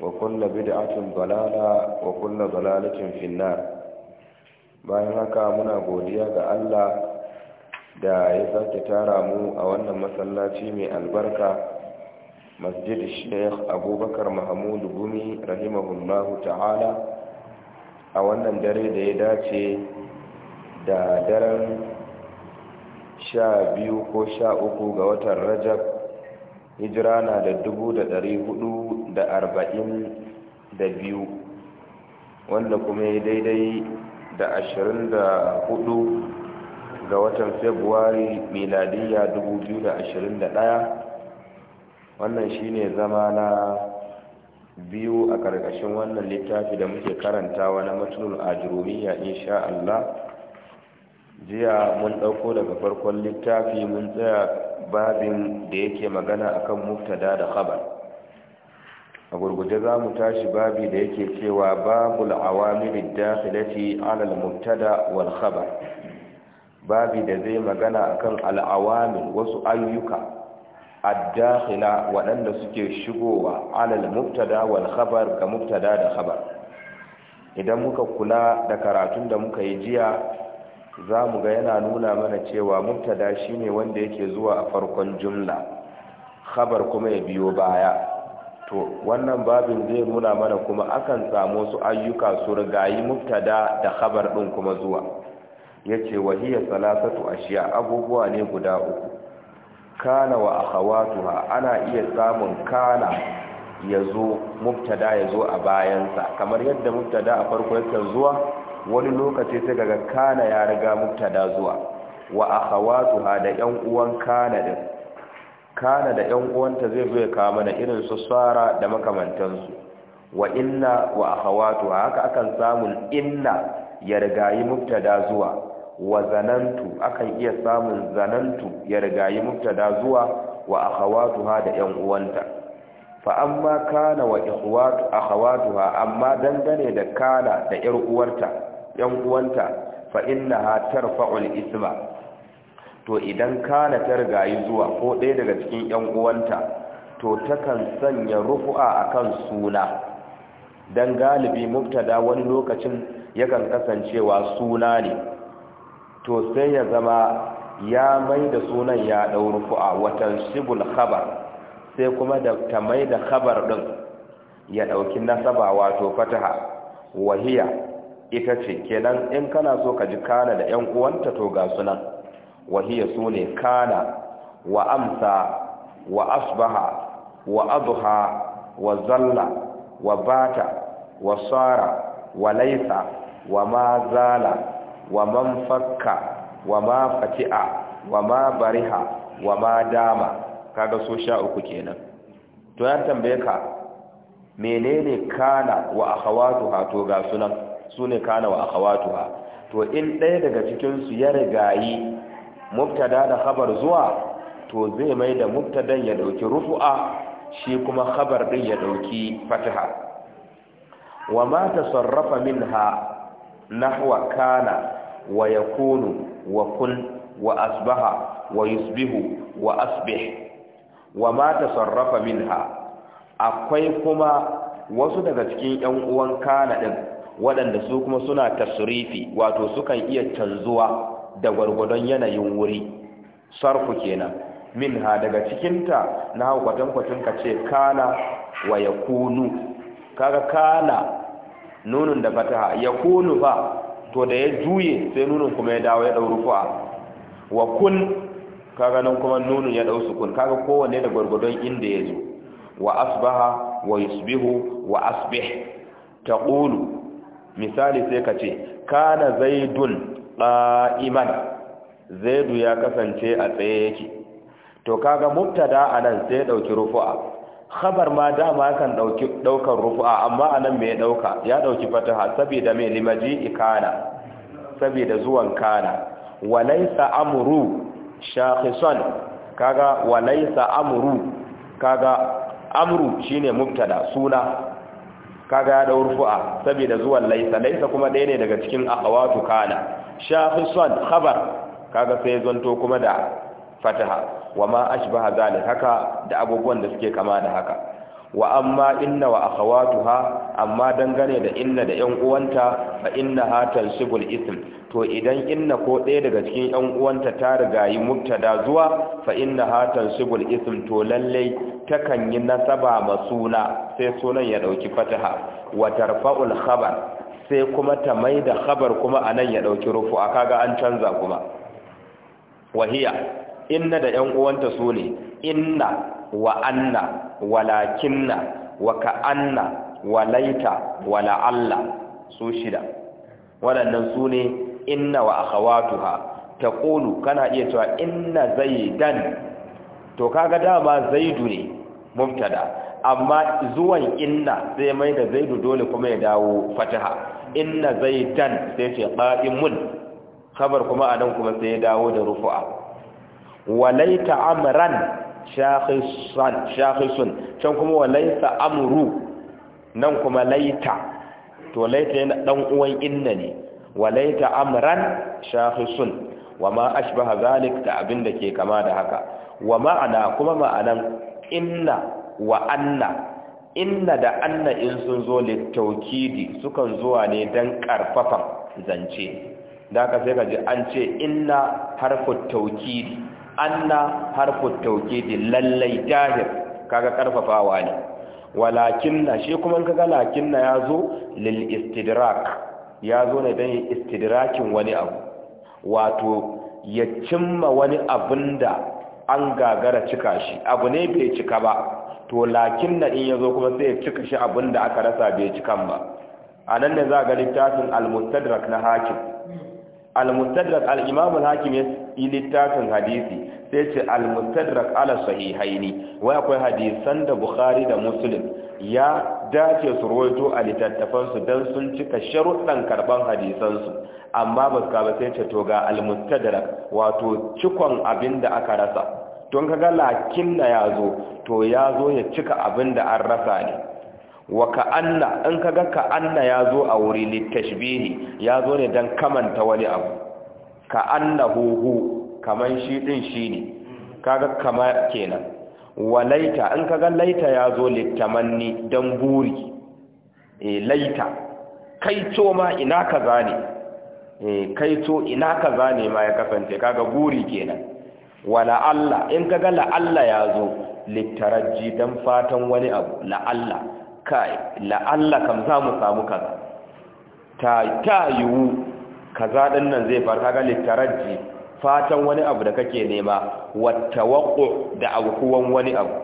وكل بدعة ضلالة وكل ضلالة في النار bayan haka muna godiya ga Allah da ya sake tara mu a wannan masallaci mai albarka masjid sheikh abubakar mahamudu gumi rahimahullahu ta'ala a wannan dare da ya dace da daren sha biyu ko sha uku ga watan rajab hijira na da dubu hudu da arba'in da biyu wanda kuma ya daidai da ashirin da hudu ga watan februari miladiyya dubu biyu da ashirin da daya wannan shine zama na biyu a karkashin wannan littafi da muke karantawa na matulul ajurumiyya insha Allah jiya mun ɗauko daga farkon littafi mun tsaya babin da yake magana akan muftada da khabar a gurguje za mu tashi babi da yake cewa babul awamilid da ala alal mubtada wal khabar babi da zai magana akan al'awamin wasu ayyuka addakhila waɗanda suke shigowa alal muftada mubtada wal khabar ga mubtada da khabar idan muka kula da karatun da muka yi jiya za mu ga yana nuna mana cewa mubtada shine wanda yake zuwa a farkon jumla khabar kuma ya biyo baya to wannan babin zai nuna mana kuma akan samu su ayyuka su rigayi muftada, da khabar din kuma zuwa yace wahiya salasatu ashiya abubuwa ne guda uku kana wa akhawatuha ana iya samun kana yazo mubtada yazo a bayansa kamar yadda muftada a farko yake zuwa wani lokaci sai kaga kana ya riga mubtada zuwa wa akhawatuha da yan uwan kana din kana da ƴan uwanta zai zo ya kawo mana irin su sara da makamantansu wa inna wa akhawatu haka akan samun inna ya rigayi mubtada zuwa wa zanantu akan iya samun zanantu ya rigayi mubtada zuwa wa ha da ƴan uwanta fa amma kana wa ikhwatu ha amma dangane da kana da ƴar uwarta ƴan uwanta fa innaha tarfa'ul isma to idan kana ta rigayi zuwa ko ɗaya daga cikin ‘yan uwanta to takan sanya rufu'a akan suna dan galibi mubtada wani lokacin yakan kasancewa suna ne to sai ya zama ya mai da sunan ya ɗau rufu'a watan shibul khabar sai kuma da ta mai da khabar ɗin ya ɗauki nasaba wato fataha wahiya ita ce kenan in kana so ka ji kana da ‘yan uwanta to ga sunan wa sune kana wa amsa wa asbaha wa zalla wa bata wa sara wa laisa wa ma zala wa man fakka wa ma fati'a wa ma bariha wa ma dama kaga so sha uku kenan to na tambaye ka menene kana wa akhawatuha to ga sunan sune kana wa akhawatuha to in ɗaya daga cikin su ya rigayi mubtada da khabar zuwa to zai mai da mubtadan ya dauki rufu'a shi kuma khabar din ya dauki fataha wa ma tasarrafa minha nahwa kana wa yakunu wa kun wa asbaha wa yusbihu wa asbih wa ma tasarrafa minha akwai kuma wasu daga cikin ƴan uwan kana din waɗanda su kuma suna tasrifi wato sukan iya canzuwa da gwargwadon yanayin wuri sarfu kenan Min ha daga cikinta na hau kwatankwacin ka ce kana wa ya kunu kaga kana nunun da fataha ya kunu fa to da ya juye sai nunun kuma ya dawo ya ɗau rufa wa kun kaga nan kuma nunun ya ɗau sukun kaga kowanne da gwargwadon inda ya zo wa asbaha wa yusbihu wa asbih Kulu misali sai ka ce kana zaidun qa'iman zaidu ya kasance a tsaye yake to kaga mubtada anan sai dauki rufu'a khabar ma dama kan dauki daukar rufu'a amma anan me ya dauka ya dauki fataha saboda me limaji ikana saboda zuwan kana walaysa amru shakhisan kaga walaysa amru kaga amru shine mubtada suna kaga ya daur fu'a saboda zuwan laisa laisa kuma ɗaya ne daga cikin akhawatu kana shafi sad khabar kaga sai zanto kuma da fataha wama ashbaha zane haka da abubuwan da suke kama da haka wa amma inna wa akhawatuha amma dangane da inna da yan uwanta fa inna hatal shibul ism to idan inna ko ɗaya daga cikin yan uwanta ta riga yi mubtada zuwa fa inna hatal shibul ism to lalle kan yi nasaba ma suna sai sunan ya dauki fataha wa tarfa'ul khabar sai kuma ta mai da khabar kuma anan ya dauki rufu rufu'a kaga an canza kuma wahiya inna da yan uwanta sune inna Waanna, walakinna wa ka'anna walaita wala Allah su shida waɗannan su ne inna wa akhawatuha ƙolu. kana iya cewa inna zaidan to kaga dama zaidu ne mubtada amma zuwan inna sai mai da zaidu dole kuma ya dawo fataha inna zaidan sai ce qa'imun Kabar kuma nan kuma sai ya dawo da rufu'a walaita amran shakhisun can kuma wa laita amru nan kuma laita to laita yana dan uwan inna ne wa laita amran shakhisun wa ma ashbaha zalik da abinda ke kama da haka wa ma'ana kuma ma'anan inna wa anna inna da anna in sun zo littaukidi sukan zuwa ne don karfafan zance da aka sai ji an ce inna harfin taukidi anna harfu tawkidi lallai dahir kaga karfafawa ne walakinna shi kuma kaga lakinna yazo lil istidrak yazo ne dan istidrakin wani abu wato ya cimma wani abinda an gagara cika shi abu ne bai cika ba to lakinna in yazo kuma sai ya cika shi abinda aka rasa bai cika ba anan ne za ga littafin al-mustadrak na hakim al-mustadrak al-imam al-hakim yi littafin hadisi sai ce al-mustadrak ala sahihaini wai akwai hadisan da bukhari da muslim ya dace su ruwaito a littattafansu don sun cika sharuɗan karɓar hadisansu amma ba su kaba sai to ga al-mustadrak wato cikon abin da aka rasa tun kaga lakin da ya zo to ya zo ya cika abin da an rasa ne wa ka'anna in kaga ka'anna ya zo a wuri littashbihi ya zo ne don kamanta wani abu ka'anna huhu kaman shi din shi ne kaga kama kenan wa laita in kaga laita ya zo littamanni don buri e laita kaito ma ina kaza ne e kaito ina kaza ne ma ya kasance kaga buri kenan wa la'alla in kaga la'alla ya zo littaraji don fatan wani abu la'alla kai la'alla kam za mu samu kaza ta ta yiwu kaza din nan zai farka ga littaraji fatan wani abu da kake nema wa tawaqqu da aukuwan wani abu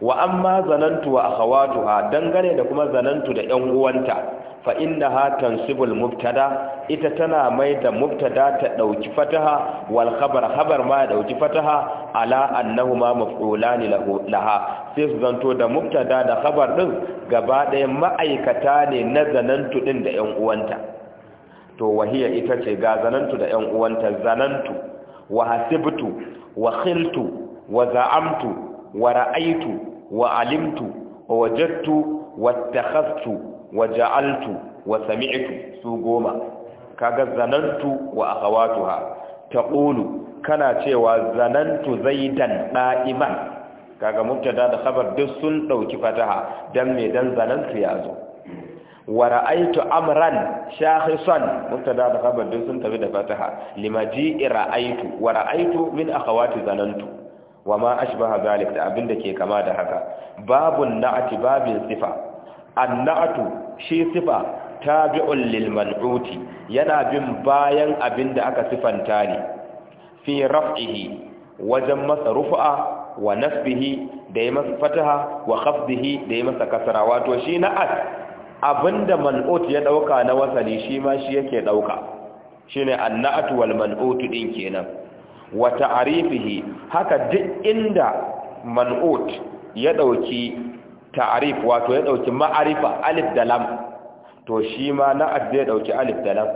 wa amma zanantu wa akhawatuha dangane da kuma zanantu da ƴan uwanta fa innaha tansibul mubtada ita tana mai da mubtada ta dauki fataha wal khabar khabar ma dauki fataha ala annahuma maf'ulani laha sai su zanto da mubtada da khabar din gaba ɗaya ma'aikata ne na zanantu din da 'yan uwanta to wahiya ita ce ga zanantu da 'yan uwanta zanantu wa hasibtu wa khiltu wa za'amtu wa ra'aitu wa alimtu wa wajadtu wa wa ja'altu wa sami'tu su goma kaga zanantu wa akhawatuha taqulu kana cewa zanantu zaidan da'iman kaga mubtada da khabar duk sun dauki fataha dan me dan zanantu ya zo wa ra'aytu amran shakhisan mubtada da khabar duk sun tafi da fataha limaji ra'aytu wa ra'aytu min akhawati zanantu wa ma ashbaha zalik da abinda ke kama da haka babun na'ati babin sifa annatu shi sifa tabi'un lil mal'uti yana bin bayan abin da aka sifanta ne fi raf'ihi wajen masa rufa wa nasbihi da ya masa fataha wa khafdihi da ya masa kasara wato shi na'at abinda mal'ut ya dauka na wasali shi ma shi yake dauka shine annatu wal mal'ut din kenan wa ta'arifihi haka duk inda man'ut ya dauki ta'arif wato ya dauki ma'arifa alif da lam to shi ma na zai dauki alif da lam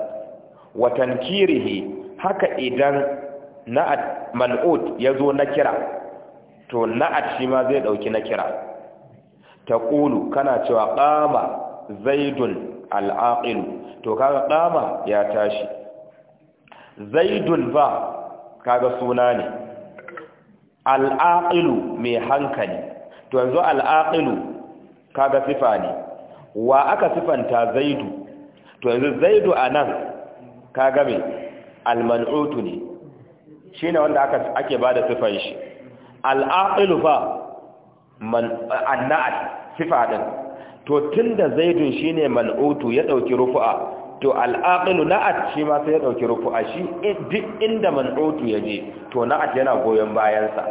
wa tankirihi haka idan na'at man'ut zo na kira to na'at shi ma zai dauki na kira taqulu kana cewa qama zaidun al'aqil to kaga qama ya tashi zaidun ba kaga suna ne al'aqil mai hankali to yanzu al'aqilu kaga sifa ne wa aka sifanta zaidu to yanzu zaidu a nan kaga mai almanutu ne shi ne wanda aka ake ba da sifan shi al'aƙilu fa anna'at sifa ɗin to tun da zaidun shi ne manutu ya ɗauki rufu'a to al'aƙilu na'at shi ma sai ya ɗauki rufu'a shi duk inda man'utu ya je to na'at yana goyon bayansa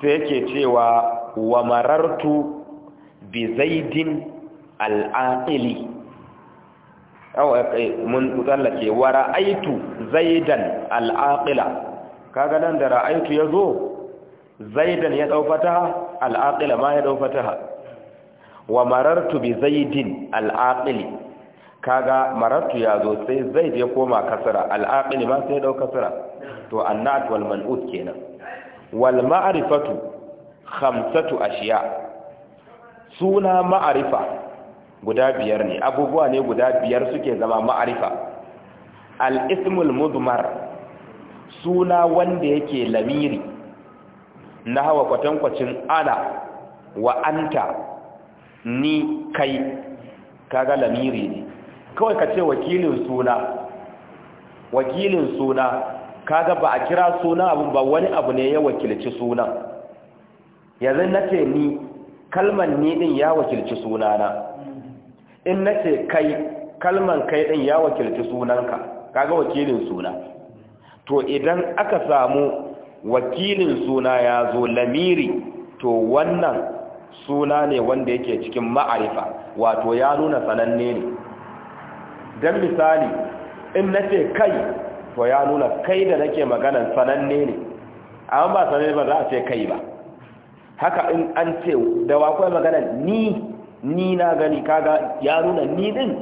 sai yake cewa wa marartu bi zaidin al'aqili eh, mun tsallake wa ra'aitu zaidan al'aqila kaga nan da ra'aitu ya zo zaidan ya dau fataha al'aqila ma ya dau fataha wa marartu bi al'aƙili? al'aqili kaga marartu ya zo sai zaid ya koma kasara al'aƙili ma sai ya dau kasara to annat wal mal'ut kenan wal ma'rifatu khamsatu ashiya' suna ma'arifa guda biyar ne abubuwa ne guda biyar suke zama ma'arifa al ismil mudmar suna wanda yake lamiri na hawa kwatankwacin ana wa anta ni kai kaga lamiri ne kawai ka ce wakilin suna wakilin suna kaga ba a kira suna abun ba wani abu ne ya wakilci sunan yanzu na ce ni kalman ni din ya wakilci sunana in nace kai kalman kai din ya wakilci sunanka kaga wakilin suna to idan aka samu wakilin suna ya zo lamiri to wannan suna ne wanda yake cikin ma'arifa wato ya nuna sananne ne don misali in nace kai to ya nuna kai da nake maganan sananne ne amma ba sananne ba za a ce kai ba haka in an ce da wakwai magana ni ni na gani kaga ya nuna ni din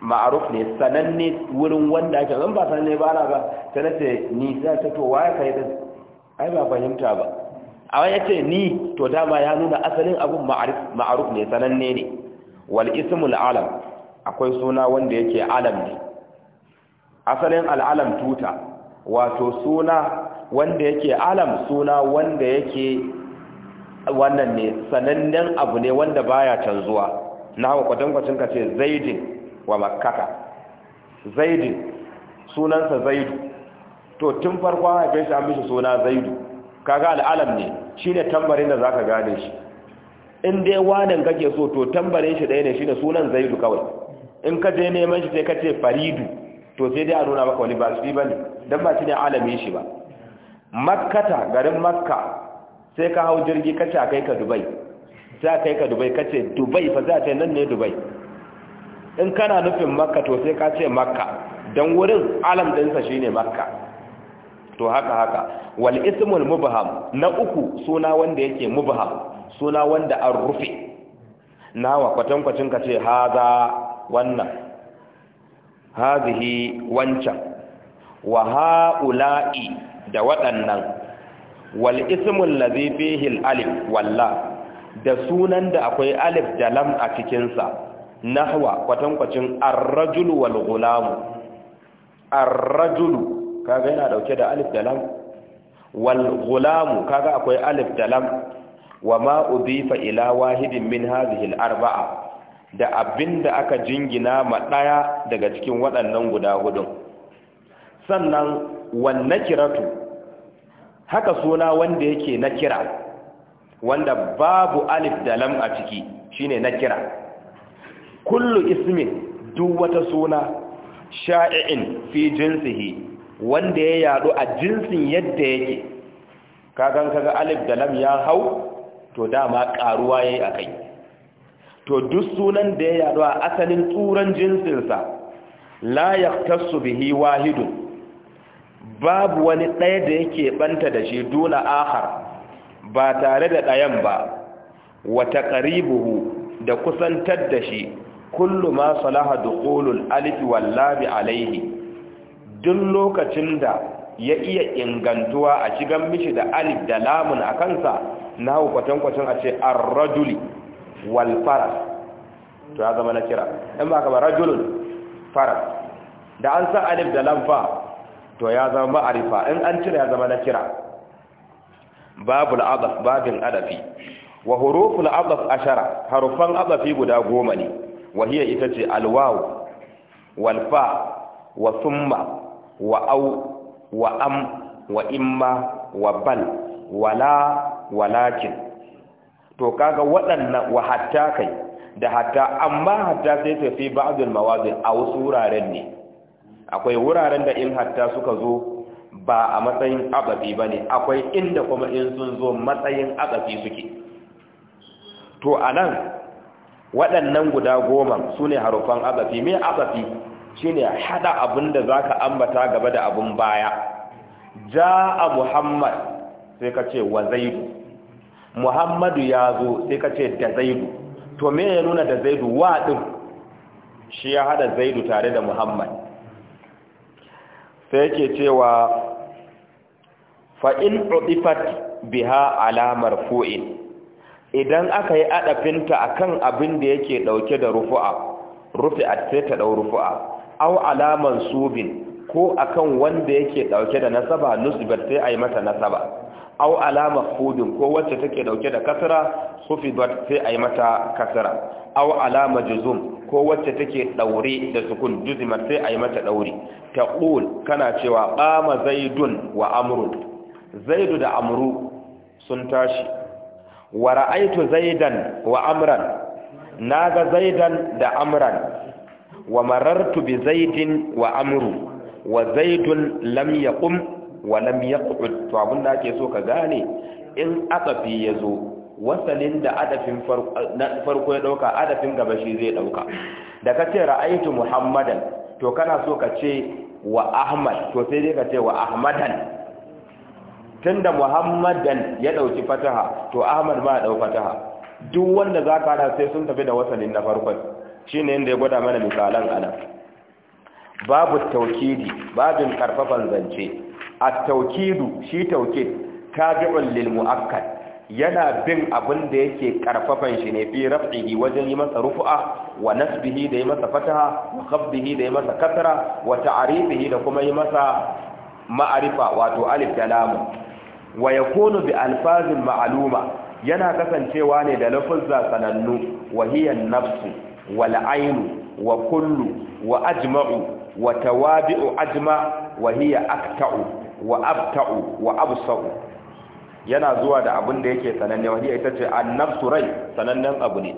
ma'aruf ne sananne wurin wanda ake zan ba sananne ba na ba ta nace ni za ta to waye kai din ai ba fahimta ba a wani ce ni to dama ya nuna asalin abun ma'aruf ne sananne ne wal ismul alam akwai suna wanda yake alam ne asalin al'alam tuta wato suna wanda yake alam suna wanda yake wannan ne sanannen abu ne wanda baya canzuwa na hawa kwatankwacin ka ce zaidin wa makaka. zaidin sunansa zaidu to tun farko haife shi an mishi suna zaidu kaga al'alam ne shine tambarin da zaka gane shi in dai wanan kake so to tambarin shi ɗaya ne shine sunan zaidu kawai in ka je neman shi sai ka ce faridu to sai dai a nuna maka wani ba su bane dan ba shi ne alami shi ba makkata garin makka sai ka hau jirgi kace a kai ka dubai sai a kai ka dubai kace dubai fa za ta nan ne dubai in kana nufin makka to sai ka ce makka don wurin alam ɗinsa shine makka to haka haka wal ismul mubham na uku suna wanda yake mubham suna wanda an rufe nawa kwatankwacin ka ce haza wannan hazihi wancan wa ha'ula'i da waɗannan wal ismul ladhi fihi alif walla da sunan da akwai alif da lam a cikinsa na nahwa kwatankwacin ar-rajul wal gulam ar kaga yana dauke da alif da lam wal gulamu kaga akwai alif da lam wa ma udifa ila wahidin min hadhihi al arba'a da abinda aka jingina ma daya daga cikin waɗannan guda hudun sannan wan nakiratu haka suna wanda yake na kira wanda babu alif da lam a ciki shine na kira kullu ismin duk wata suna sha'i'in fi jinsihi wanda ya yadu a jinsin yadda yake kagan kaga alif da lam ya hau to dama karuwa yayi akai to duk sunan da ya yadu a asalin tsuran jinsinsa la yaqtasu bihi wahidun babu wani ɗaya da yake ɓanta da shi duna ahar ba tare da ɗayan ba wata ƙaribuhu da kusantar da shi kullum ma salaha ƙolul alifi wallabi alaihi duk lokacin da ya iya ingantuwa a shigan mishi da alif da lamun a kansa na hau kwatankwacin a ce arrajuli rajuli wal faras to ya zama na kira ɗan ba ka ba rajulun faras da an sa alif da lamfa. to ya zama ma'arifa in an cire ya zama na kira babul adaf babin adafi wa huruful adaf ashara harufan adafi guda goma ne Wahiya ita ce alwaw wal fa wa thumma wa au wa am wa imma wa bal wala walakin to kaga waɗannan wa hatta kai da hatta amma hatta sai ta fi ba'dul mawazin a wasu wuraren ne akwai wuraren da in hatta suka zo ba a matsayin abafi ba ne akwai inda kuma in sun zo matsayin abafi suke to a nan waɗannan guda goma su ne harufan abafi. mai abafi shi ne haɗa abin da za ka ambata gaba da abin baya ja a muhammad sai ka ce wa zaidu muhammadu ya zo sai ka ce da zaidu to me ya nuna da zaidu waɗin shi ya haɗa zaidu tare da muhammad sai yake cewa fa'in ɗuɗifat biha alamar fo'in idan aka yi aɗafinta a kan abin da yake ɗauke da rufu'a rufi a sai ta ɗau rufu'a au alaman subin ko akan wanda yake ɗauke da nasaba nusibar sai a yi mata nasaba au alama hudun ko wacce take dauke da kasra hufidat sai a yi mata kasra au alama juzum ko wacce take daure da sukun juzimat sai a yi mata daure taqul kana cewa qama zaidun wa amru, zaidu da amru sun tashi wa ra'aitu zaidan wa amran ga zaidan da amran wa marartu bi zaidin wa amru wa zaidun lam yaqum walam yaqud to abin da ake so ka gane in adafi yazo wasalin da adafin farko ya dauka adafin gaba shi zai dauka da kace ra'aytu muhammadan to kana so ka ce wa ahmad to sai dai ka ce wa ahmadan tunda muhammadan ya dauki fataha to ahmad ma ya dau fataha duk wanda za ka sai sun tafi da wasalin na farkon shine inda ya gwada mana misalan ana babu tawkidi babin karfafan zance at Taukidu shi tawkid tabi'un lil mu'akkad yana bin abin da yake karfafan shi ne fi raf'ihi wajen yi masa rufu'a wa nasbihi da yi masa fataha wa khabbihi da yi masa kasra wa ta'rifihi da kuma yi masa ma'arifa wato alif da lam wa yakunu bi alfazin ma'luma yana kasancewa ne da lafuzza sanannu wa hiya nafsu wal la'ainu, wa kullu wa ajma'u wa tawabi'u ajma wa hiya akta'u wa abta'u wa absa'u yana zuwa da abin da yake sananne wani ita ce annabtu rai sanannen abu ne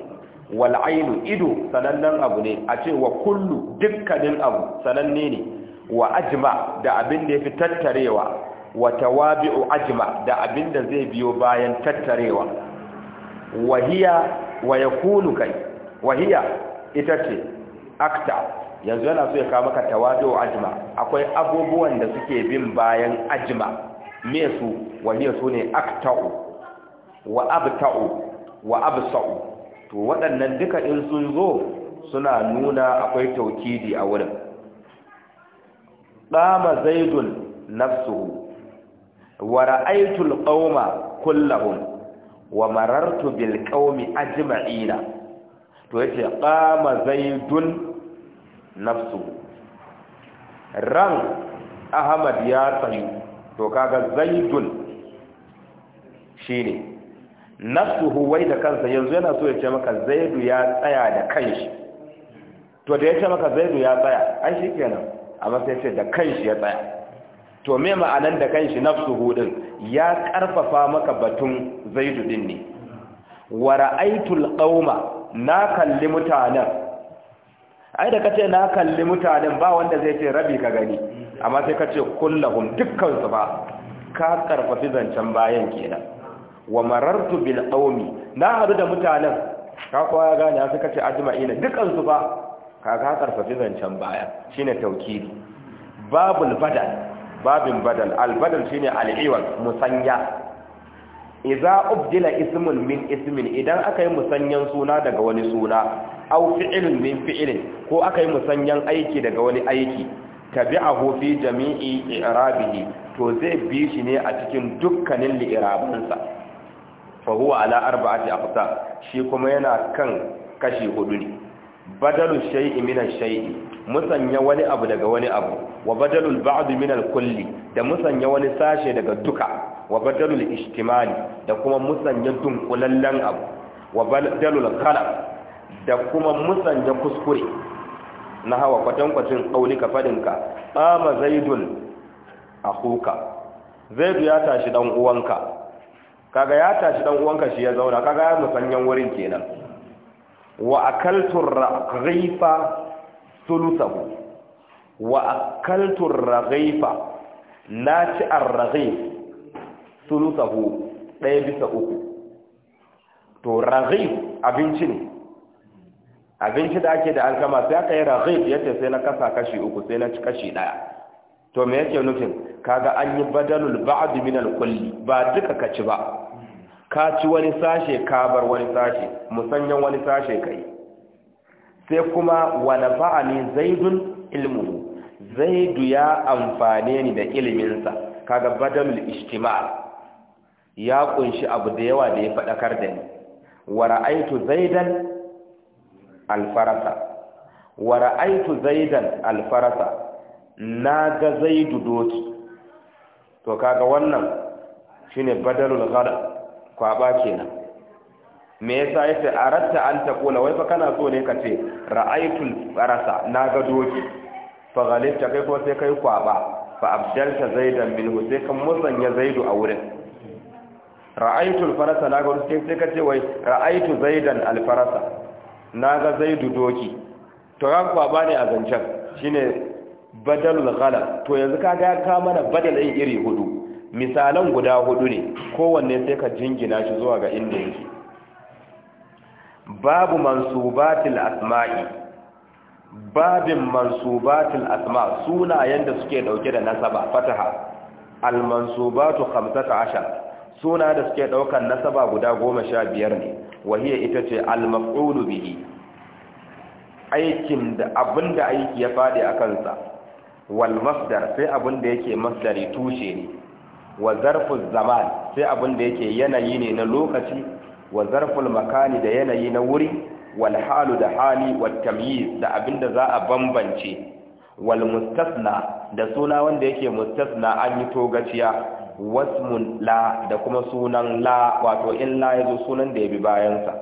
wal ainu ido sanannen abu ne a ce wa kullu dukkanin abu sananne ne wa ajma da abin da yafi tattarewa wa tawabi'u ajma da abin da zai biyo bayan tattarewa wahiya wa yakunu kai wahiya ita ce akta yanzu yana so ya kawo maka tawadu ajima akwai abubuwan da suke bin bayan ajma me su wani su ne akta'u wa abta'u wa absa'u to waɗannan duka in sun zo suna nuna akwai taukidi a wurin qama zaidun nafsuhu wa ra'aytul qauma kullahum wa marartu bil qaumi ajma'ina to yace qama zaidun nafsu ran ahmad ya tsayu to kaga zaidun shine nafsuhu wai da kansa yanzu yana so ya ce maka zaidu ya tsaya da kanshi to da ya ce maka zaidu ya tsaya ai shikenan amma sai ce da kanshi ya tsaya to me ma'anan da kanshi nafsuhu din ya karfafa maka batun zaidu din ne wa ra'aytul qauma na kalli mutanen ai da kace na kalli mutanen ba wanda zai ce rabi ka gani amma sai kace kullahum dukkan su ba ka karfafi zancen bayan kenan wa marartu bil qaumi na hadu da mutanen ka kowa gane sai kace ajma'ina dukkan su ba ka ka karfafi zancen baya shine tawkili babul badal babin badal al badal shine al musanya idza ubdila ismun min ismin idan aka yi musanyan suna daga wani suna aw fi'lun min fi'lin ko aka yi musanyan aiki daga wani aiki tabi'ahu fi jami'i i'rabihi to zai bi shi ne a cikin dukkanin li'irabansa fa huwa ala arba'ati aqsa shi kuma yana kan kashi hudu ne badalu shay'i min ash-shay'i musanya wani abu daga wani abu wa badalul ba'd min al-kulli da musanya wani sashe daga duka wa badalul ijtimali da kuma musanya dunkulallen abu wa badalul kala. da kuma da kuskure na hawa kwatankwacin ƙaunika fadinka ƙama zaidun a huka zaidu ya tashi ɗan uwanka kaga ya tashi ɗan uwanka shi ya zauna kaga ya musanyen wurin kenan wa akaltun raghaifa sulusahu wa akaltun raghaifa na ci arraghaif sulusahu ɗaya bisa uku to raghaif abinci ne abinci da ake da alkama sai aka yi raghib yace sai na kasa kashi uku sai na ci kashi daya to me yake nufin kaga an yi badalul ba'd min al-kulli ba duka ka ci ba ka ci wani sashe ka bar wani sashe musanyan wani sashe kai sai kuma wa nafa'ani zaidun ilmu zaidu ya amfane ni da iliminsa kaga badalul istimal ya kunshi abu da yawa da ya fadakar da ni wa ra'aytu zaidan alfarasa wa ra'aitu zaidan alfarasa na ga zaidu doki to kaga wannan shine badalul ghadab kwaba kenan me yasa yace aratta an kula wai fa kana so ne kace ra'aitul farasa na ga doki fa galibta kai ko sai kai kwaba fa abdalta zaidan minhu sai kan musanya zaidu a wurin ra'aitul farasa na ga sai sai kace wai ra'aitu zaidan Alfarasa. na ga zaidu doki to ran kwaba ne a zancen shine badalul ghala to yanzu ka ya ka mana badalin iri hudu misalan guda hudu ne kowanne sai ka jingina shi zuwa ga inda yake babu mansubatil asma'i babin mansubatil asma sunayen da suke dauke da nasaba fataha al mansubatu 15 suna da suke ɗaukar nasaba guda goma sha biyar ne wahiyar ita ce almakulu bihi aikin da abin da aiki ya faɗi a kansa wal masdar sai abin da yake masdari tushe ne wa zarfin zaman sai abin da yake yanayi ne na lokaci wa zarfin makani da yanayi na wuri wal halu da hali wal da abin da za a bambance wal mustasna da suna wanda yake mustasna an yi togaciya wasmun la da kuma sunan la wato in la sunan da ya bi bayansa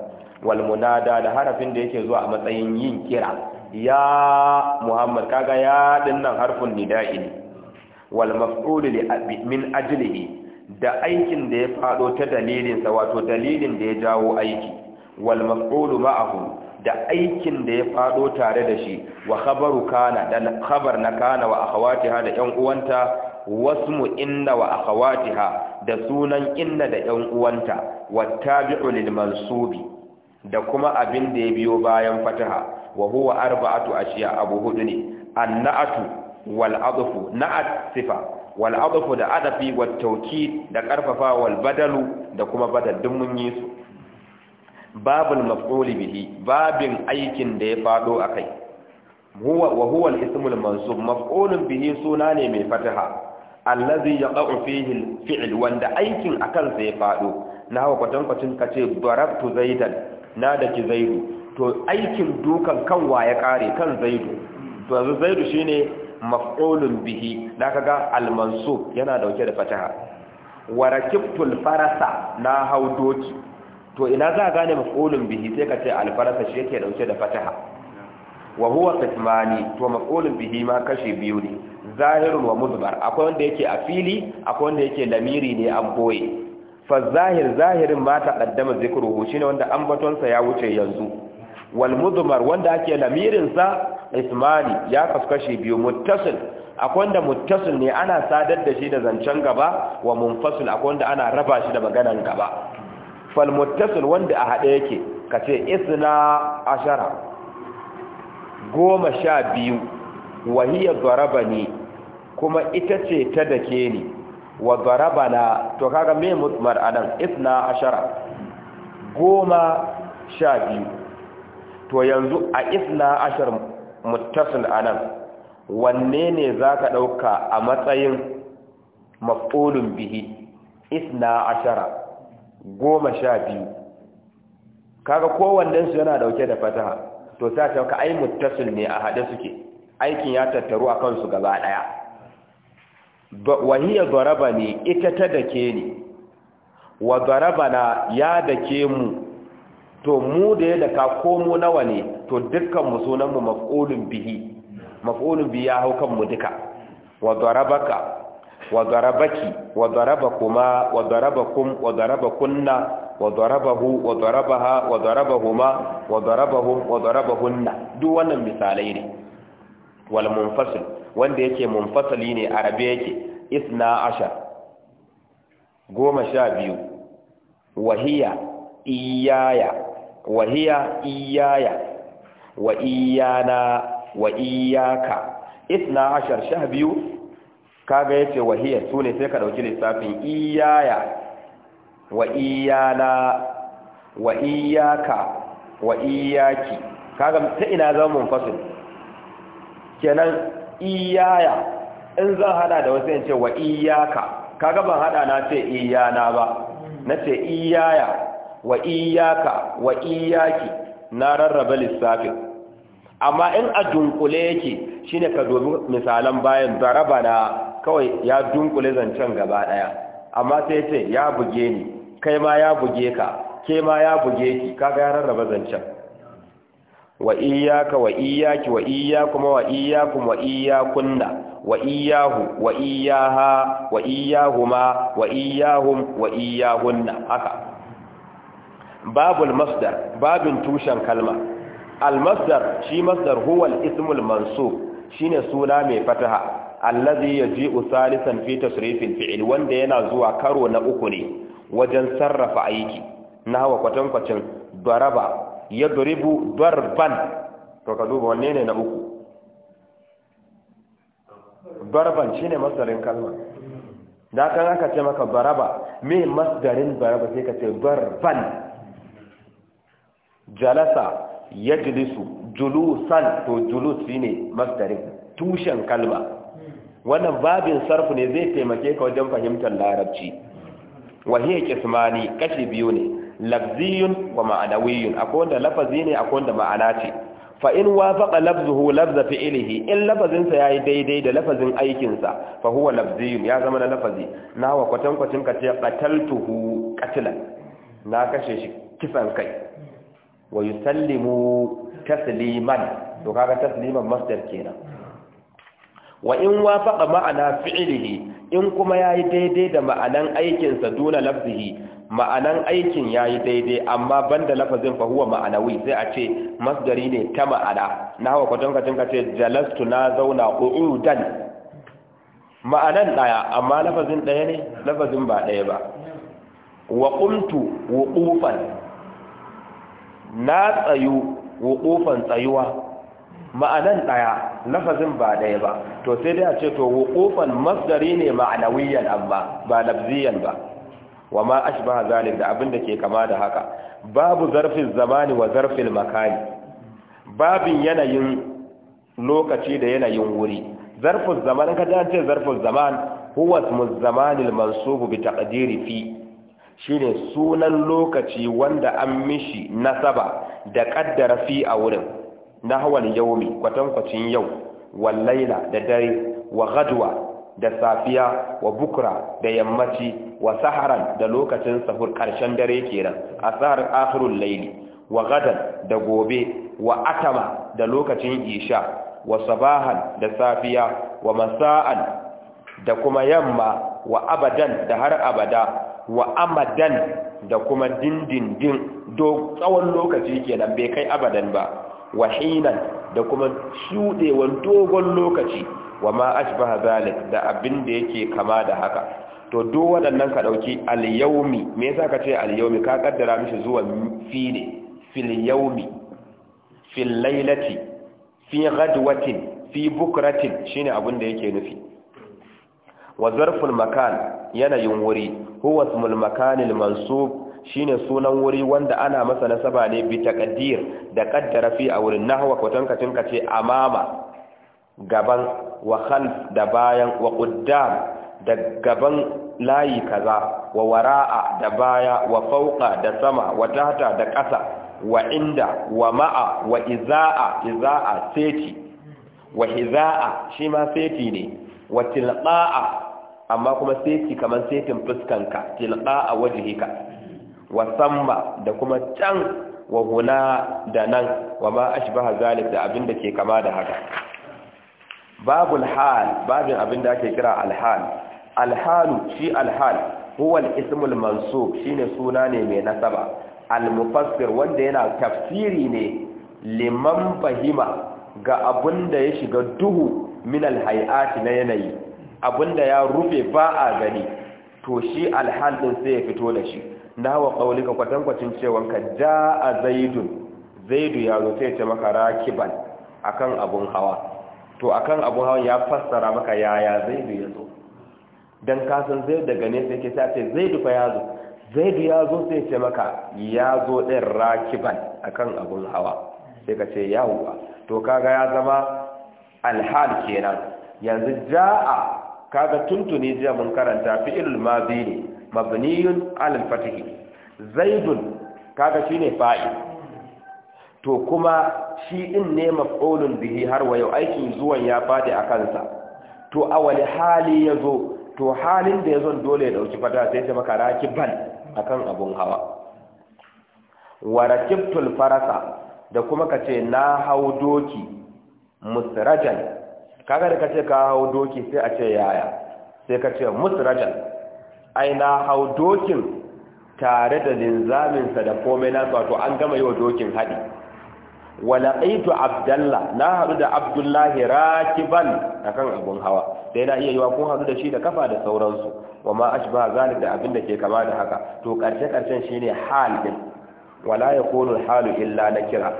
walmunada da harafin da yake zuwa a matsayin yin kira ya muhammad kaga ya dinnan harfin nida'i ne wal maf'ul min ajlihi da aikin da ya fado ta dalilinsa wato dalilin da ya jawo aiki wal maf'ul ma'ahu da aikin da ya fado tare da shi wa khabaru kana da khabar na kana wa akhawatiha da yan uwanta wasmu inna wa akhawatiha da sunan inna da ƴan uwanta wattabi'u lil mansubi da kuma abin da ya biyo bayan fataha wa huwa arba'atu ashiya abu hudu ne annatu wal adfu na'at sifa wal adfu da adafi wat tawkid da karfafa wal badalu da kuma badal dun mun yi su babul maf'ul bihi babin aikin da ya fado akai huwa wa huwa al ismul mansub maf'ulun bihi suna ne mai fataha allazi yaqa'u fihi al-fi'l wanda aikin akan sa ya fado na hawa kwatan kwatin kace barabtu zaidan na daki zaidu to aikin dukan kan wa ya kare kan zaidu to yanzu zaidu shine maf'ulun bihi da kaga al-mansub yana dauke da fataha wa rakibtul farasa na hau doki to ina za gane maf'ulun bihi sai kace al-farasa shi yake dauke da fataha wa huwa qismani to maf'ulun bihi ma kashi biyu ne zahirun wa mudbar akwai wanda yake a fili akwai wanda yake lamiri ne an boye fa zahir zahirin ma ta qaddama zikruhu shine wanda ambaton sa ya wuce yanzu wal mudmar wanda ake lamirin sa ismani ya kaskashi biyu muttasil akwai wanda muttasil ne ana sadar da shi da zancen gaba wa munfasil akwai wanda ana raba shi da maganan gaba fal muttasil wanda a hade yake kace isna ashara goma sha biyu wahiyar hiya ne kuma ita ce ta dake ni wa garabana to kaga me mutmar adam ifna ashara goma sha biyu to yanzu a ifna ashar muttasil anan wanne ne za ka ɗauka a matsayin maf'ulun bihi ifna ashara goma sha biyu kaga kowannensu yana ɗauke da fataha to ta ka ai muttasil ne a haɗe suke aikin ya tattaru a kansu gaba ɗaya wahiya zaraba ne ita ta dake ni wa na ya dake mu to mu da ya daka ko mu nawa ne to dukkan mu sunan mu maf'ulun bihi maf'ulun bihi ya hau kan mu duka wa darabaka wa darabaki wa darabakuma wa darabakum wa darabakunna wa darabahu wa darabaha wa darabahuma wa darabahum wa darabahunna duk wannan misalai ne wal munfasil wanda yake munfasali ne a rabe yake isna ashar goma sha biyu wahiya iyaya wahiya iyaya wa iyana wa iyaka isna ashar sha biyu kaga yace wahiya sune sai ka dauki lissafin iyaya wa iyana wa iyaka wa iyaki kaga ta ina zama munfasali kenan iyaya in zan hada da wasu yance wa iyaka kaga ban hada na ce iyana ba na ce iyaya wa iyaka wa iyaki na rarraba lissafi amma in a dunkule yake shine ka dobi misalan bayan daraba na kawai ya dunkule zancen gaba daya amma sai ce ya buge ni kai ma ya buge ka ke ma ya buge ki kaga ya rarraba zancen wa iyyaka wa iyyaki wa iyyakum wa iyyakum wa iyyakunna wa iyyahu wa iyyaha wa iyyahuma wa iyyahum wa iyyahunna haka babul masdar babin tushen kalma al masdar shi masdar huwa al ismul mansub shine suna mai fataha allazi yaji'u salisan fi tasrifil fi'l wanda yana zuwa karo na uku ne wajen sarrafa aiki na nahwa kwatankwacin daraba yadribu darban to ka duba wanne ne na uku darban shine masdarin kalma da kan aka ce maka baraba me masdarin baraba sai ka ce darban jalasa yajlisu julusan to julus shine masdarin tushen kalma wannan babin sarfu ne zai taimake ka wajen fahimtar larabci hiya kismani kashi biyu ne lafziyun wa ma'anawiyun akwai wanda lafazi ne akwai wanda ma'ana ce fa in wafaqa lafzuhu lafza fi'lihi in lafazin sa yayi daidai da lafazin aikin sa fa huwa lafziyun ya zama na lafazi nawa kwatan kwacin ka ce qataltuhu qatlan na kashe shi kisan kai wa yusallimu tasliman to kaga tasliman masdar kenan wa in wafaqa ma'ana fi'lihi in kuma yayi daidai da ma'anan aikin sa duna lafzihi ma'anan aikin yayi daidai amma banda lafazin fa huwa ma'anawi sai a ce masdari ne ta ma'ana na hawa kwaton ka tinka ce jalastu na zauna qu'udan ma'anan daya amma lafazin daya ne lafazin ba daya ba wa qumtu wuqufan na tsayu wuqufan tsayuwa ma'anan ɗaya lafazin ba ɗaya ba to sai dai a ce to wuqufan masdari ne ma'anawiyan amma ba labziyan ba wa ma ba zalik da abinda ke kama da haka babu zarfin zamani wa zarfin makani babin yanayin lokaci da yanayin wuri zarfin zaman ka ce zarfin zaman huwa ismu zamani bi taqdiri fi shine sunan lokaci wanda an mishi nasaba da kaddara fi a wurin na nahwal yawmi kwatankwacin yau wal laila da dare wa gadwa da safiya wa bukra da yammaci wa saharan da lokacin sahur ƙarshen dare kenan a sahar akhirul laili wa gadan da gobe wa atama da lokacin isha wa sabahan da safiya wa masa'an da kuma yamma wa abadan da har abada wa amadan da kuma dindindin do tsawon lokaci kenan bai kai abadan ba wahinan da kuma shudewan dogon lokaci wa ma ashbaha zalik da abin da yake kama da haka to do wadannan ka dauki al-yawmi me yasa ka ce al-yawmi ka kaddara mishi zuwa fi ne fil yawmi fil lailati fi ghadwatin fi bukratin shine abin da yake nufi wa zarful makan yanayin wuri huwa ismul makanil mansub shine sunan wuri wanda ana masa nasaba ne bi taqdir da qaddara fi a wurin nahwa kwatankatin kace amama gaban wa khalf da bayan wa quddam da gaban layi kaza wa wara'a da baya wa fauqa da sama wa tahta da ƙasa wa inda wa ma'a wa iza'a iza'a seti wa hiza'a shi ma seti ne wa tilqa'a amma kuma seti kaman setin fuskanka tilqa'a wajhika wa da kuma can wa huna da nan wa ma ashbaha zalik da abin da ke kama da haka babul hal babin abin da ake kira alhal alhalu shi alhal huwa al-ismul mansub shine suna ne mai nasaba al-mufassir wanda yana tafsiri ne liman fahima ga abin da ya shiga duhu min al na yanayi abin da ya rufe ba a gani to shi alhal din sai ya fito da shi nawa ka kwatankwacin ka jaa zaidun zaidu ya zo sai ce maka rakiban akan abun hawa to akan abun hawa ya fassara maka yaya zaidu ya zo dan kasan zaidu daga ne sai ke sai ce zaidu fa ya zo zaidu ya zo sai ce maka ya zo din rakiban akan abun hawa sai ka ce yawa to kaga ya zama alhal kenan yanzu jaa kaga tuntuni jiya mun karanta fi'ilul madi ne mabniyun alal fatih zaidun kaga shine fa'i to kuma shi din ne maf'ulun bihi har wa yau aikin zuwan ya fadi a kansa to a wani hali yazo to halin da yazo dole ya dauki fata sai ta maka rakiban akan abun hawa wa rakibtul farasa da kuma kace na hau doki musrajan kaga da kace ka hau doki sai a ce yaya sai ka ce musrajan ai na hau dokin tare da linzaminsa da komai na wato an gama yiwa dokin dokin haɗi aitu abdallah na haɗu da abdullahi rakiban akan abun hawa sai na iya yiwa ko haɗu da shi da kafa da sauransu wa ma ashba zalik da abin da ke kama da haka to karshe-karshe karshen shine hal din wala yakunu halu illa nakira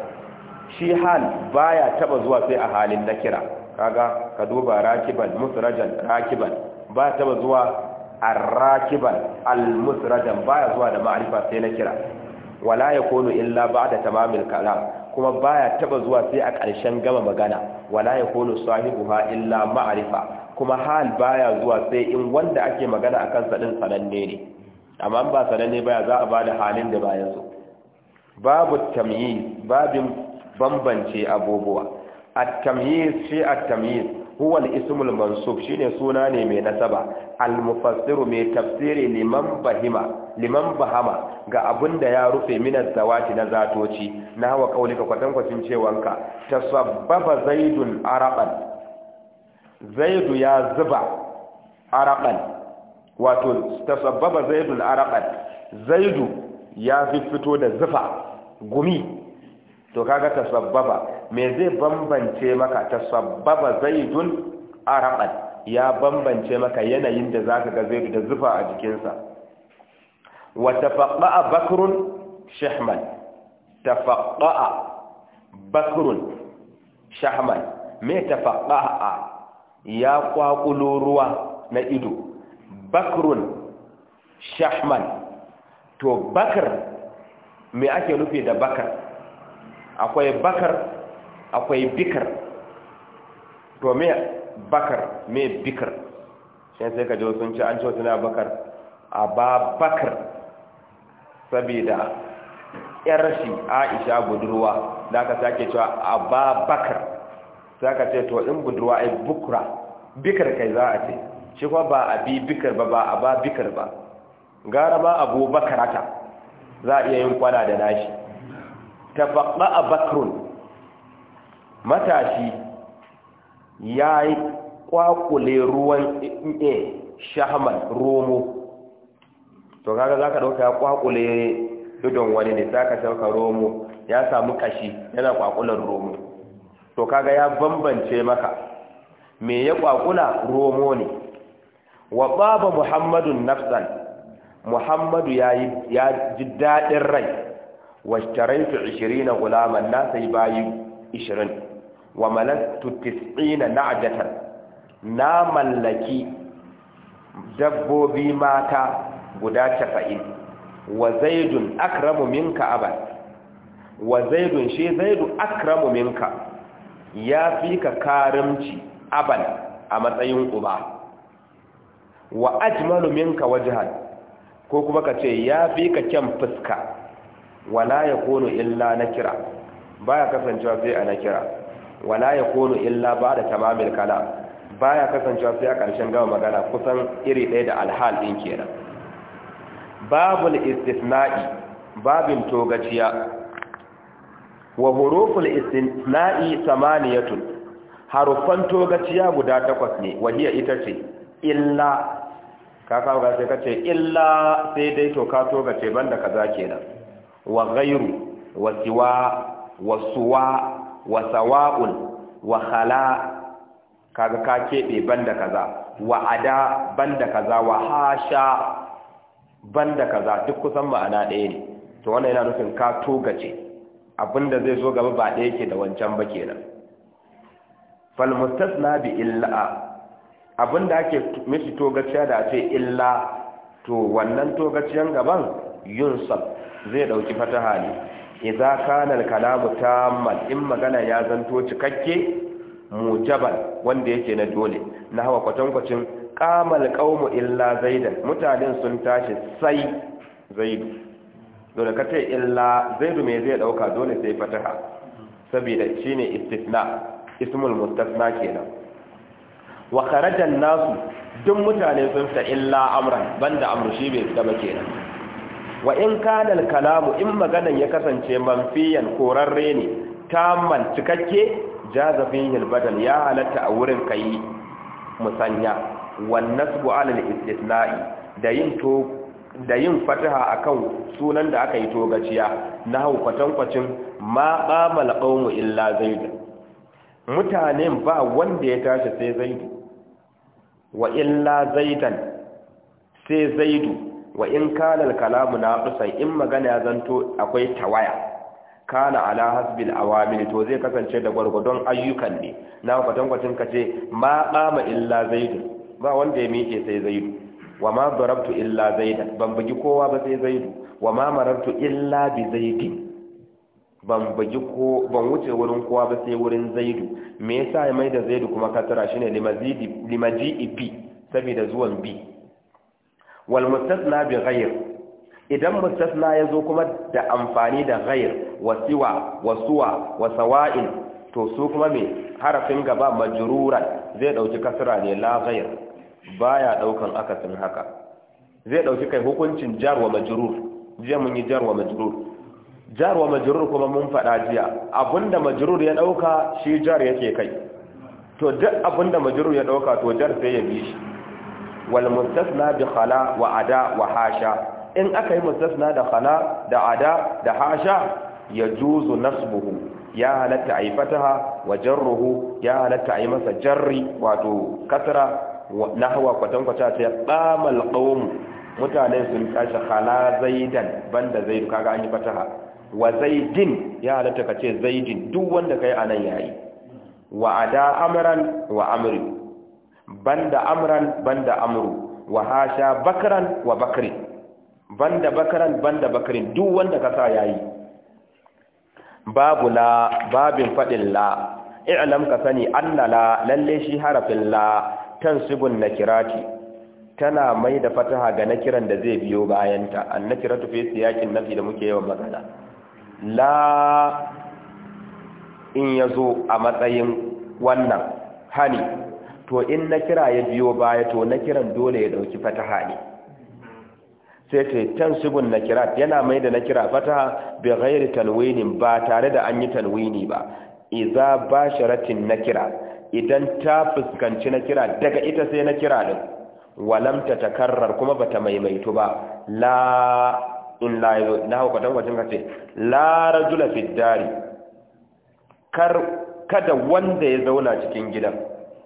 shi hal baya taba zuwa sai a halin nakira kaga ka duba rakiban musrajan rakiban ba ta zuwa ar-rakiban al-musrajan ba zuwa da ma'arifa sai na kira wala yakunu illa ba'da tamamil kalam kuma baya taba zuwa sai a ƙarshen gama magana wala yakunu sahibuha illa ma'arifa, kuma hal baya zuwa sai in wanda ake magana akan sadin ɗin sananne ne amma ba sananne baya za a bada halin da bayan su babu tamyiz babin bambance abubuwa التمييز tamyiz shi هو tamyiz المنصوب al-ismu al-mansub shine suna ne mai nasaba al بهما mai tafsiri liman bahima liman bahama ga abunda ya rufe minas zawati na zatoci na hawa kaulika kwatan kwacin cewanka tasabbaba zaidun araban zaidu ya zuba araban wato tasabbaba zaidun araban zaidu ya fito da zufa gumi to kaga tasabbaba me zai bambance maka ta sababa zaidun arabat ya bambance maka yanayin da zaka ga zaidu da zufa a jikinsa wa tafaqqa bakrun shahman tafaqqa bakrun shahman me tafaqqa ya kwakulo ruwa na ido bakrun shahman to bakar me ake nufi da bakar akwai bakar akwai bikar to me bakar me bikar shi sai ka ji sun ci an ce na bakar a ba bakar saboda yar shi aisha budurwa da aka sake cewa a ba bakar sai ka ce to in budurwa ai bukra bikar kai za a ce shi kuma ba a bi bikar ba ba a ba bikar ba gara ma abu bakarata za a iya yin kwana da nashi tafaɓa a bakrun matashi ya yi kwakule ruwan ɗin eh, shahamar romo to kaga za ka ɗauka ya kwakule dudon wani ne za ka romo ya samu kashi yana kwakulan romo to kaga ya bambance maka me ya kwakula romo ne wa baba muhammadun nafsan muhammadu ya ji daɗin rai wa washtaraitu 20 gulaman na sai bayi 20 wa malastu tis'ina na'jatan na mallaki dabbobi mata guda 90 wa zaidun akramu minka abad wa zaidun shi zaidu akramu minka ya fi ka karimci abal a matsayin uba wa ajmalu minka wajhan ko kuma ka ce ya fi ka kyan fuska wala yakunu illa nakira baya kasancewa sai a nakira wala kone illa ba da tamamil Ba baya kasancewa sai a ƙarshen gama magana kusan iri ɗaya da alhal ɗin kenan babul istisna'i babin togaciya wa huruful istisna'i samaniyatun harufan togaciya guda takwas ne wahiya ita ce illa ka kawo sai ka ce illa sai dai to ka togace banda kaza kenan wa ghairu wa siwa wa suwa wa sawa'un wa khala kaga ka keɓe banda kaza wa ada banda kaza wa hasha banda kaza duk kusan ma'ana ɗaya ne to wannan yana nufin ka togace abinda zai zo gaba ba ɗaya yake da wancan ba kenan fal mustasna bi illa abinda ake mishi togaciya da ce illa to wannan togaciyan gaban yunsab zai dauki fataha ne idza kana al-kalamu tamman in magana ya zanto cikakke mujaban wanda yake na dole na hawa kwatankwacin qamal qaumu illa zaidan mutanen sun tashi sai zaidu dole ka illa zaidu me zai dauka dole sai fataha saboda shine istithna ismul mustathna kenan wa kharaja an-nasu duk mutane sun ta illa amran banda amru shi bai fita kenan wa in kana kalamu in maganan ya kasance manfiyan korarre ne tamman cikakke jazafin hilbadal ya halatta a wurin kai musanya wan nasbu ala al da yin to da yin fataha akan sunan da aka yi togaciya na kwatankwacin ma qamal qawmu illa zaid mutanen ba wanda ya tashi sai zaid wa illa zaidan sai zaidu wa in kana al-kalamu naqisan in magana ya zanto akwai tawaya kana ala hasbil awamil to zai kasance da gurgudon ayyukan ne na kwatin kace ma qama illa zaid ba wanda ya miƙe sai zaid wa ma darabtu illa zaid ban bugi kowa ba sai zaid wa ma marartu illa bi zaid ban bugi ko ban wuce wurin kowa ba sai wurin zaid me yasa ya maida zaid kuma katara shine limaji limaji bi saboda zuwan bi wal mustasna bi ghayr idan mustasna yazo kuma da amfani da ghayr wasiwa wasuwa wasawa'in to su kuma me harafin gaba majruran zai dauki kasra ne la ghayr baya daukan akasin haka zai dauki kai hukuncin jar wa majrur jiya mun yi jar wa majrur jar wa majrur kuma mun faɗa jiya abinda majrur ya dauka shi jar yake kai to duk abinda majrur ya dauka to jar sai ya bi shi wal mustasna bi khala wa ada wa hasha in aka yi mustasna da khala da ada da hasha yajuzu nasbuhu ya halatta ayi fataha wa jarruhu ya halatta a yi masa jarri wato kasra na hawa kwatankwata ta ya tsamal mutane sun tashi hala zaidan banda zaidu kaga an yi fataha wa zaidin ya halatta ka ce zaidin duk wanda ka yi yayi wa ada amran wa amri banda amran banda amru wa hasha bakran wa bakri banda bakran banda bakrin duk wanda ka sa yayi babu la babin fadin la i'lam ka sani anna la lalle shi harafin la tansibun nakirati tana mai da fataha ga nakiran da zai biyo bayanta annakiratu fi siyakin nafi da muke yawan magana la in yazo a matsayin wannan hani to in na kira ya biyo baya to na kiran dole ya dauki fataha ne sai ta tansibun na kira yana mai da na kira fataha bi ghairi tanwini ba tare da an yi tanwini ba idza basharatin na kira idan ta fuskanci na kira daga ita sai na kira din walam ta takarrar kuma bata maimaito ba la in la yau na hau kwatan kwatan kace la rajula kar kada wanda ya zauna cikin gidan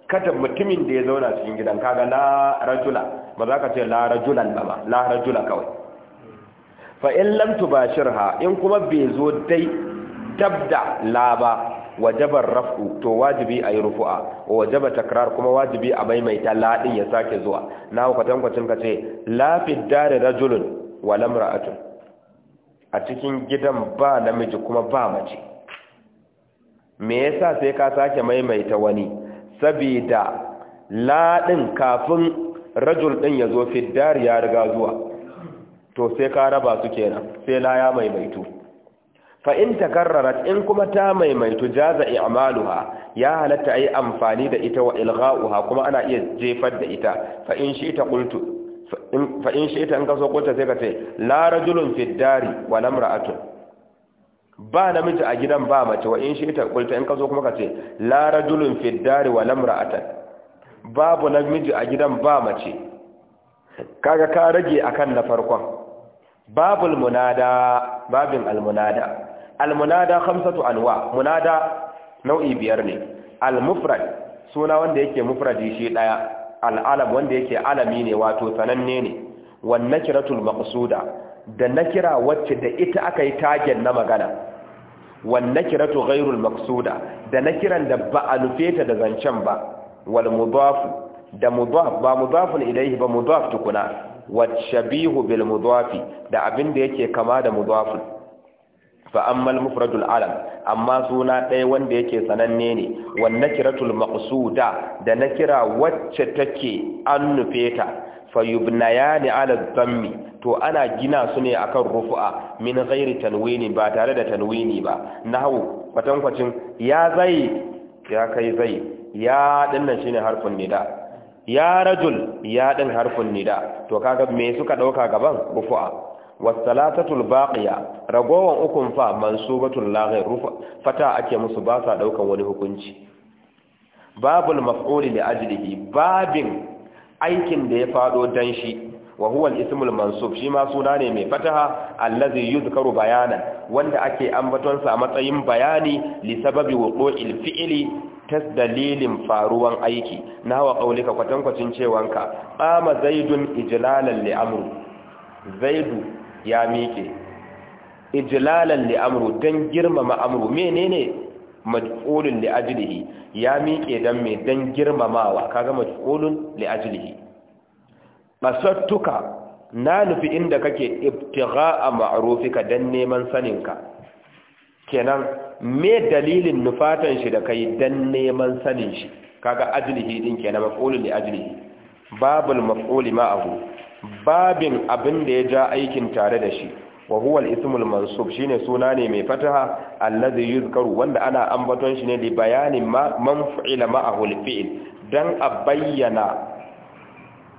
kada mutumin da ya zauna cikin gidan kaga la rajula ba za ka ce la rajulan ba la rajula kawai fa in lam tubashirha in kuma bai zo dai dabda la ba wajabar raf'u to wajibi ayi rufu'a wa wajaba takrar kuma wajibi a maimaita la din ya sake zuwa na ku tankwacin ka ce la fi dari rajulun wa lamra'atun a cikin gidan ba namiji kuma ba mace me yasa sai ka sake maimaita wani saboda laɗin kafin rajul ɗin ya zo fiddar ya riga zuwa to sai ka raba su kenan sai la ya maimaitu fa in takarrarat in kuma ta maimaitu jaza i'maluha ya halatta ayi amfani da ita wa ilgha'uha kuma ana iya jefar da ita fa in shi ta qultu fa in shi ta in kaso qulta sai ka ce la rajulun fiddari wa lamra'atun ba namiji a gidan ba mace wa in shi ta kulta in ka zo kuma ka ce la rajulun fi dari wa lam ra'atan babu namiji a gidan ba mace kaga ka rage akan na farkon babul munada babin almunada almunada khamsatu anwa munada nau'i biyar ne almufrad suna wanda yake mufradi shi daya al'alam wanda yake alami ne wato sananne ne wan nakiratul maqsuda da nakira wacce da ita aka yi tagen na magana wan nakiratu ghairul Maksuda? da kiran da ba a nufe ta da zancen ba wal mudaf da ba mudafun Ilaihi ba mudaf tukuna wat shabihu bil mudafi da abin da yake kama da mudafun fa ammal mufradul alam amma suna ɗaya wanda yake sananne ne wan nakiratul maqsuda da nakira wacce take an nufe ta fayubnayani ala dhammi to ana gina su ne akan rufu'a min ghairi tanwini ba tare da tanwini ba hau kwatankwacin ya zai ya kai zai ya dinnan shine harfin nida ya rajul ya din harfin nida to kaga me suka dauka gaban rufu'a wasalatatul baqiya ragowan ukun fa mansubatul la rufa fata ake musu ba sa daukan wani hukunci babul maf'ul li ajlihi babin aikin da ya faɗo dan shi wa huwa al-ismul mansub shi ma suna ne mai fataha allazi yuzkaru bayanan wanda ake ambaton sa matsayin bayani li sababi wuqu'il fi'li tas dalilin faruwan aiki na hawa kaulika kwatankwacin cewanka qama zaidun ijlalan li amru zaidu ya miƙe ijlalan li amru dan girmama amru menene maj'ulun li ajlihi ya miƙe dan mai dan girmamawa kaga maj'ulun li ajlihi qasadtuka na nufi inda kake ibtigha'a ma'rufika dan neman saninka kenan me dalilin nufatan shi da kai dan neman sanin shi kaga ajlihi din kenan maf'ulun li ajlihi babul maf'uli ma'ahu babin abin da ya ja aikin tare da shi wa huwa al-ismul mansub shine suna ne mai fataha allazi yuzkaru wanda ana ambaton shi ne li bayanin man ma'ahu al-fi'l dan a bayyana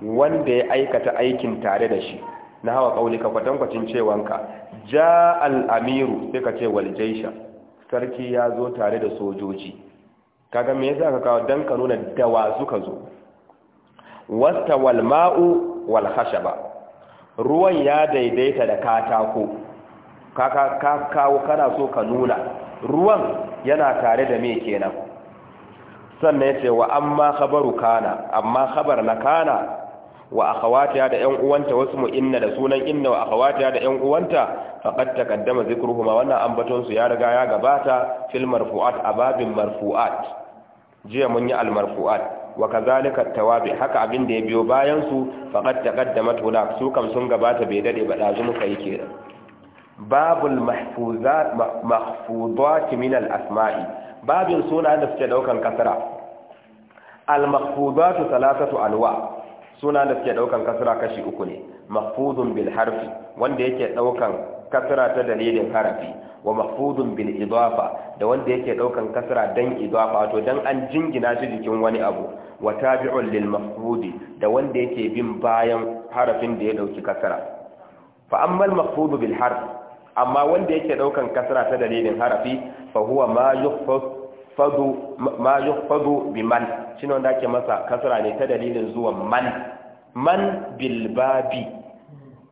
wanda ya aikata aikin tare da shi na hawa kauli ka kwatankwacin cewanka ja al-amiru sai ka ce wal jaysha sarki ya zo tare da sojoji kaga me yasa ka kawo dan ka nuna dawa suka zo wasta wal ma'u wal khashaba ruwan ya daidaita da katako ka kawo kana so ka nuna ruwan yana tare da me kenan sannan ya ce wa amma khabaru kana amma khabar na kana wa akhawatiha da ƴan uwanta wasu mu inna da sunan inna wa akhawatiha da ƴan uwanta faqad taqaddama zikruhuma wannan ambaton su ya riga ya gabata fil marfu'at ababin marfu'at jiya mun yi al marfu'at wa kazalika tawabi haka abin da ya biyo bayan su faqad taqaddamat matuna su kam sun gabata bai daɗe ba dazu muka yi kenan babul mahfuzat mahfudat asma'i babin suna da suke daukan kasara al mahfuzatu thalathatu anwa suna da suke daukan kasara kashi uku ne mahfuzun bil harfi wanda yake daukan kasra ta dalilin harafi wa mahfudun bil idafa da wanda yake ɗaukan kasra dan idafa to dan an jingina shi jikin wani abu wa tabi'un lil mafhudi da wanda yake bin bayan harafin da ya dauki kasra fa amma al mafhud bil harf amma wanda yake daukan kasra ta dalilin harafi fa huwa ma yuhfadu ma yuhfadu bi man shine wanda ake masa kasra ne ta dalilin zuwa man man bil babi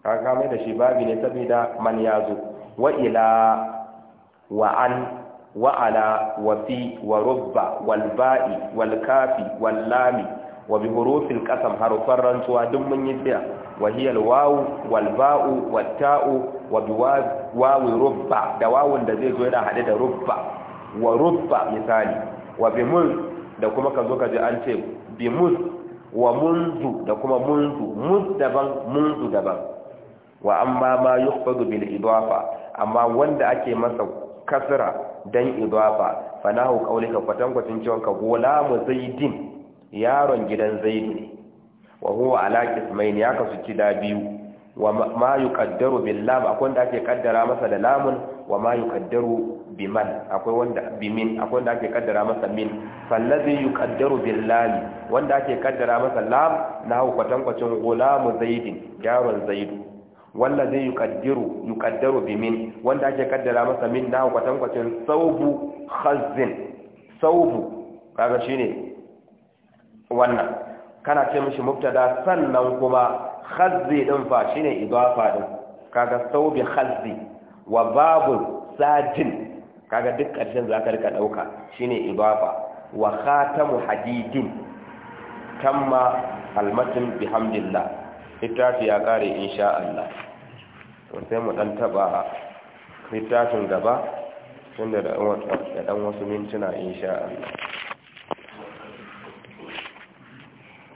kaga mai da shi babi ne saboda man yazo wa ila wa an وعلى وفي ورب والباء والكاف واللام وبحروف القسم حرف الرنسوة دم من يسيا وهي الواو والباء والتاء وبواو رب دواو الذي زوينا حدد رب ورب مثالي وبمل da kuma ka zo ka ji an ce bi mus wa munzu da kuma munzu mus daban munzu daban wa amma ma yukhfadu bil idafa amma wanda ake masa kasra dan idafa fa nahu qaulika kwatankwacin cewa ka gulamu zaidin yaron gidan zaidi wa huwa ala qismayn ya kasu kida biyu wa ma yuqaddaru bil lam akwai wanda ake kaddara masa da lamun wa ma yuqaddaru biman akwai wanda bimin akwai wanda ake kaddara masa min fallazi yuqaddaru bil lam wanda ake kaddara masa lam nahu kwatankwacin gulamu zaidin yaron zaidu wanda zai yukaddiru yukaddaru bimin wanda ake kaddara masa min na kwatan kwatan saubu khazzin saubu kaga shine wannan kana ce mishi mubtada sannan kuma khazzi din fa shine idafa din kaga saubi khazzi wa babu sajin kaga duk karshen zaka rika dauka shine idafa wa khatamu hadidin tamma almatin bihamdillah littafi ya kare insha Allah to sai mu dan taba littafin gaba tunda da dan wasu mintuna insha Allah